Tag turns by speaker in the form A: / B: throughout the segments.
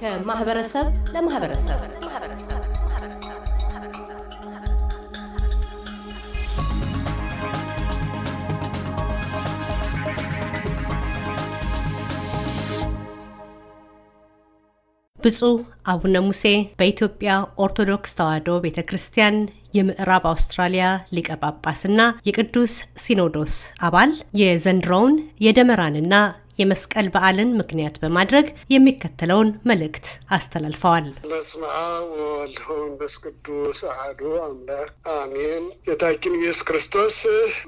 A: ከማህበረሰብ ለማህበረሰብ ብፁዕ አቡነ ሙሴ በኢትዮጵያ ኦርቶዶክስ ተዋሕዶ ቤተ ክርስቲያን የምዕራብ አውስትራሊያ ሊቀ ጳጳስና የቅዱስ ሲኖዶስ አባል የዘንድሮውን የደመራንና የመስቀል በዓልን ምክንያት በማድረግ የሚከተለውን መልእክት አስተላልፈዋል።
B: በስመ አብ ወወልድ ወመንፈስ ቅዱስ አሐዱ አምላክ አሜን። ጌታችን ኢየሱስ ክርስቶስ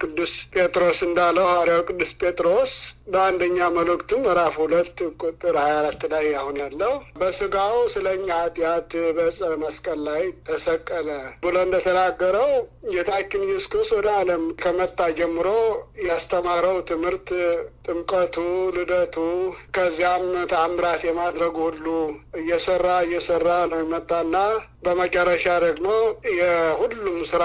B: ቅዱስ ጴጥሮስ እንዳለው ሐዋርያው ቅዱስ ጴጥሮስ በአንደኛ መልእክቱ ምዕራፍ ሁለት ቁጥር ሀያ አራት ላይ አሁን ያለው በስጋው ስለ እኛ ኃጢአት በዕፀ መስቀል ላይ ተሰቀለ ብሎ እንደተናገረው ጌታችን ኢየሱስ ክርስቶስ ወደ ዓለም ከመጣ ጀምሮ ያስተማረው ትምህርት ጥምቀቱ፣ ልደቱ ከዚያም ተአምራት የማድረግ ሁሉ እየሰራ እየሰራ ነው የመጣና በመጨረሻ ደግሞ የሁሉም ስራ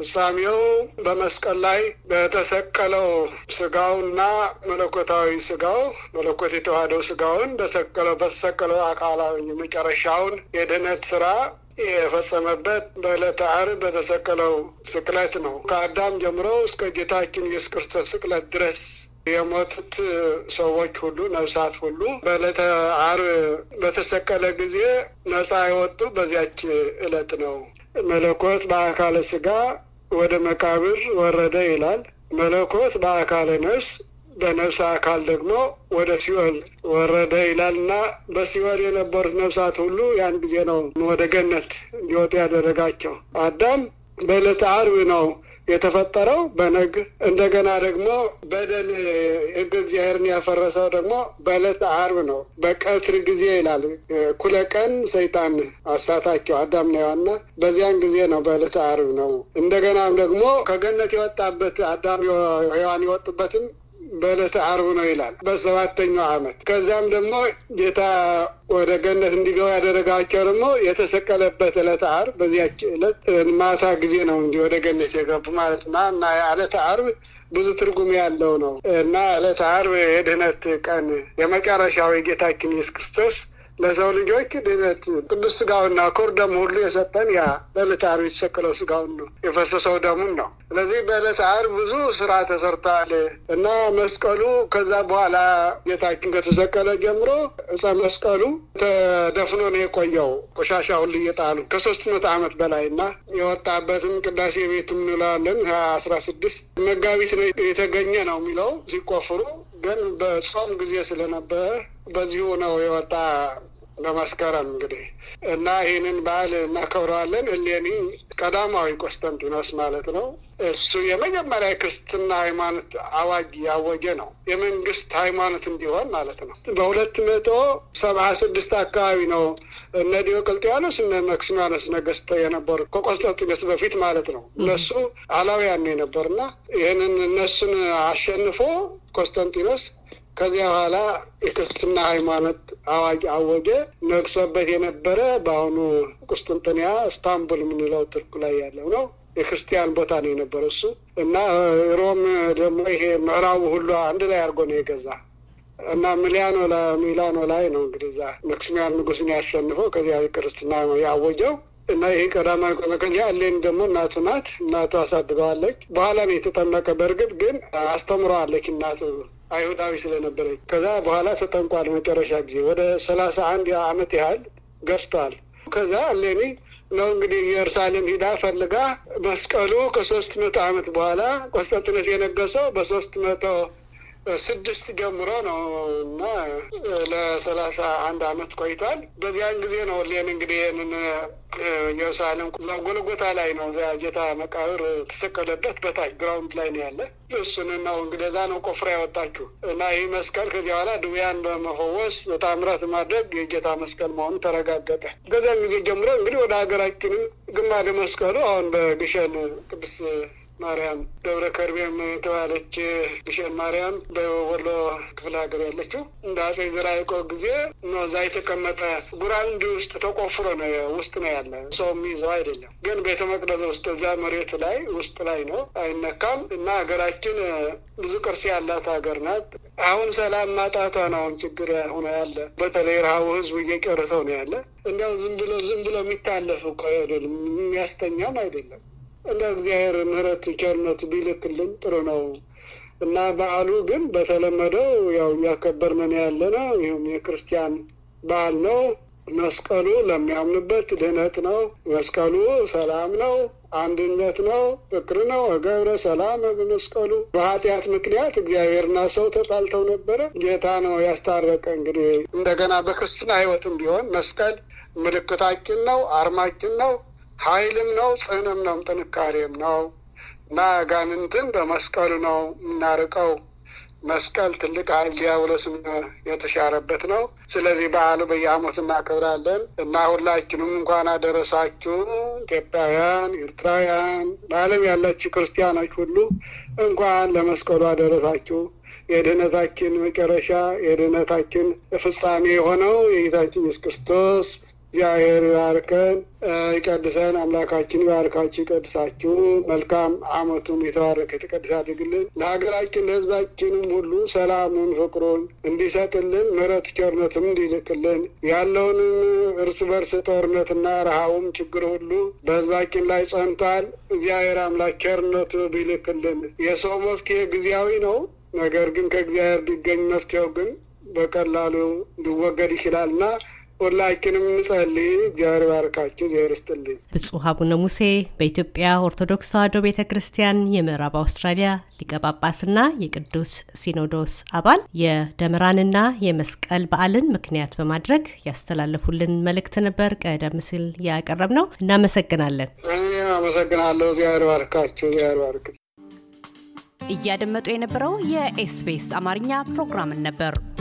B: ፍጻሜው በመስቀል ላይ በተሰቀለው ስጋውና መለኮታዊ ስጋው መለኮት የተዋህደው ስጋውን በሰቀለው በተሰቀለው አካላዊ መጨረሻውን የድህነት ስራ የፈጸመበት በዕለተ ዓርብ በተሰቀለው ስቅለት ነው። ከአዳም ጀምሮ እስከ ጌታችን ኢየሱስ ክርስቶስ ስቅለት ድረስ የሞቱት ሰዎች ሁሉ ነፍሳት ሁሉ በዕለተ ዓርብ በተሰቀለ ጊዜ ነፃ የወጡ በዚያች ዕለት ነው። መለኮት በአካለ ስጋ ወደ መቃብር ወረደ ይላል። መለኮት በአካለ ነፍስ በነፍስ አካል ደግሞ ወደ ሲኦል ወረደ ይላል እና በሲኦል የነበሩት ነፍሳት ሁሉ ያን ጊዜ ነው ወደ ገነት እንዲወጡ ያደረጋቸው። አዳም በዕለተ ዓርብ ነው የተፈጠረው በነግ እንደገና ደግሞ በደን ህግ እግዚአብሔርን ያፈረሰው ደግሞ በዕለት አርብ ነው በቀትር ጊዜ ይላል። እኩለ ቀን ሰይጣን አሳታቸው አዳም ነዋና በዚያን ጊዜ ነው በዕለት አርብ ነው። እንደገናም ደግሞ ከገነት የወጣበት አዳም ሔዋን የወጡበትም በዕለተ ዓርብ ነው ይላል። በሰባተኛው ዓመት ከዚያም ደግሞ ጌታ ወደ ገነት እንዲገቡ ያደረጋቸው ደግሞ የተሰቀለበት ዕለተ ዓርብ በዚያች ዕለት ማታ ጊዜ ነው እንዲ ወደ ገነት የገቡ ማለት ና እና ዕለተ ዓርብ ብዙ ትርጉም ያለው ነው እና ዕለተ ዓርብ የድህነት ቀን የመጨረሻው የጌታችን ኢየሱስ ክርስቶስ ለሰው ልጆች ድነት ቅዱስ ስጋውና ኩር ደም ሁሉ የሰጠን ያ በዕለተ ዓርብ የተሰቀለው ስጋውን ነው የፈሰሰው ደሙን ነው። ስለዚህ በዕለተ ዓርብ ብዙ ስራ ተሰርተዋል እና መስቀሉ ከዛ በኋላ ጌታችን ከተሰቀለ ጀምሮ እፀ መስቀሉ ተደፍኖ ነው የቆየው ቆሻሻ ሁሉ እየጣሉ ከሶስት መቶ ዓመት በላይ እና የወጣበትም ቅዳሴ ቤት እንለዋለን አስራ ስድስት መጋቢት ነው የተገኘ ነው የሚለው ሲቆፍሩ ግን በጾም ጊዜ ስለነበረ በዚሁ ነው የወጣ ለመስከረም እንግዲህ እና ይህንን በዓል እናከብረዋለን። እሌኒ ቀዳማዊ ቆስተንቲኖስ ማለት ነው። እሱ የመጀመሪያ ክርስትና ሃይማኖት አዋጅ ያወጀ ነው። የመንግስት ሃይማኖት እንዲሆን ማለት ነው። በሁለት መቶ ሰባ ስድስት አካባቢ ነው እነ ዲዮቅልጥያኖስ እነ መክሲሚያኖስ ነገስት የነበሩ ከቆስጠንጢኖስ በፊት ማለት ነው። እነሱ አላውያን የነበርና ይህንን እነሱን አሸንፎ ቆስተንቲኖስ ከዚያ በኋላ የክርስትና ሃይማኖት አዋቂ አወጀ። ነግሶበት የነበረ በአሁኑ ቁስጥንጥንያ እስታንቡል የምንለው ትርኩ ላይ ያለው ነው። የክርስቲያን ቦታ ነው የነበረ እሱ እና ሮም ደግሞ ይሄ ምዕራቡ ሁሉ አንድ ላይ አድርጎ ነው የገዛ እና ሚሊያኖ ሚላኖ ላይ ነው እንግዲህ እዛ መክሲሚያን ንጉስን ያሸንፈው ከዚያ ክርስትና ያወጀው እና ይህ ቀዳማዊ ቆመከኛ እሌኒ ደግሞ እናቱ ናት። እናቱ አሳድገዋለች። በኋላ ነው የተጠመቀ። በእርግጥ ግን አስተምረዋለች እናቱ አይሁዳዊ ስለነበረች። ከዛ በኋላ ተጠንቋል መጨረሻ ጊዜ ወደ ሰላሳ አንድ አመት ያህል ገዝቷል። ከዛ እሌኒ ነው እንግዲህ ኢየሩሳሌም ሂዳ ፈልጋ መስቀሉ ከሶስት መቶ አመት በኋላ ቆስጠንጢኖስ የነገሰው በሶስት መቶ ስድስት ጀምሮ ነው እና ለሰላሳ አንድ አመት ቆይቷል። በዚያን ጊዜ ነው ሌን እንግዲህ ይህንን ኢየሩሳሌም ጎልጎታ ላይ ነው እዚያ ጌታ መቃብር ተሰቀለበት በታች ግራውንድ ላይ ነው ያለ። እሱን ነው እንግዲህ እዛ ነው ቆፍራ ያወጣችሁ እና ይህ መስቀል ከዚያ በኋላ ድውያን በመፈወስ በታምራት ማድረግ የጌታ መስቀል መሆኑ ተረጋገጠ። በዚያን ጊዜ ጀምሮ እንግዲህ ወደ ሀገራችንም ግማደ መስቀሉ አሁን በግሸን ቅዱስ ማርያም ደብረ ከርቤም የተባለች ግሸን ማርያም በወሎ ክፍለ ሀገር ያለችው እንደ አጼ ዘርዓ ያዕቆብ ጊዜ እዛ የተቀመጠ ጉራንድ ውስጥ ተቆፍሮ ነው ውስጥ ነው ያለ ሰው የሚይዘው አይደለም። ግን ቤተ መቅደስ ውስጥ እዛ መሬት ላይ ውስጥ ላይ ነው አይነካም። እና ሀገራችን ብዙ ቅርስ ያላት ሀገር ናት። አሁን ሰላም ማጣቷ ነው አሁን ችግር ሆነ ያለ። በተለይ ረሃቡ ህዝቡ እየጨረሰው ነው ያለ። እንዲያው ዝም ብሎ ዝም ብሎ የሚታለፍ እኮ አይደለም፣ የሚያስተኛም አይደለም። እንደ እግዚአብሔር ምሕረት ቸርነት ቢልክልን ጥሩ ነው እና በዓሉ ግን በተለመደው ያው ምን ያለ ነው። ይህም የክርስቲያን በዓል ነው። መስቀሉ ለሚያምንበት ድህነት ነው። መስቀሉ ሰላም ነው፣ አንድነት ነው፣ ፍቅር ነው። ገብረ ሰላም በመስቀሉ በኃጢአት ምክንያት እግዚአብሔርና ሰው ተጣልተው ነበረ። ጌታ ነው ያስታረቀ። እንግዲህ እንደገና በክርስትና ህይወትም ቢሆን መስቀል ምልክታችን ነው፣ አርማችን ነው። ኃይልም ነው ጽንም ነው ጥንካሬም ነው እና አጋንንትን በመስቀሉ ነው የምናርቀው። መስቀል ትልቅ ኃይል ዲያብሎስም የተሻረበት ነው። ስለዚህ በዓሉ በየዓመቱ እናከብራለን እና ሁላችንም እንኳን አደረሳችሁ። ኢትዮጵያውያን፣ ኤርትራውያን፣ በዓለም ያላችሁ ክርስቲያኖች ሁሉ እንኳን ለመስቀሉ አደረሳችሁ። የድህነታችን መጨረሻ የድህነታችን ፍጻሜ የሆነው የጌታችን ኢየሱስ ክርስቶስ እግዚአብሔር ይባርከን ይቀድሰን። አምላካችን ይባርካችሁ ይቀድሳችሁ። መልካም አመቱም የተባረከ የተቀድሰ አድርግልን። ለሀገራችን ለህዝባችንም ሁሉ ሰላሙን ፍቅሩን እንዲሰጥልን ምሕረት ቸርነትም እንዲልክልን ያለውንም እርስ በርስ ጦርነትና ረሃቡም ችግር ሁሉ በህዝባችን ላይ ጸንቷል። እግዚአብሔር አምላክ ቸርነቱ ቢልክልን። የሰው መፍትሄ ጊዜያዊ ነው። ነገር ግን ከእግዚአብሔር ቢገኝ መፍትሄው ግን በቀላሉ ሊወገድ ይችላልና ሁላችንም እንጸልይ። እግዚአብሔር
A: ባርካችሁ፣ እግዚአብሔር ይስጥልኝ። ብፁዕ አቡነ ሙሴ በኢትዮጵያ ኦርቶዶክስ ተዋሕዶ ቤተ ክርስቲያን የምዕራብ አውስትራሊያ ሊቀ ጳጳስና የቅዱስ ሲኖዶስ አባል የደመራንና የመስቀል በዓልን ምክንያት በማድረግ ያስተላለፉልን መልእክት ነበር ቀደም ሲል ያቀረብ ነው። እናመሰግናለን። እኔም
B: አመሰግናለሁ። እግዚአብሔር ባርካችሁ፣ እግዚአብሔር
A: ባርክ። እያደመጡ የነበረው የኤስቢኤስ አማርኛ ፕሮግራምን ነበር።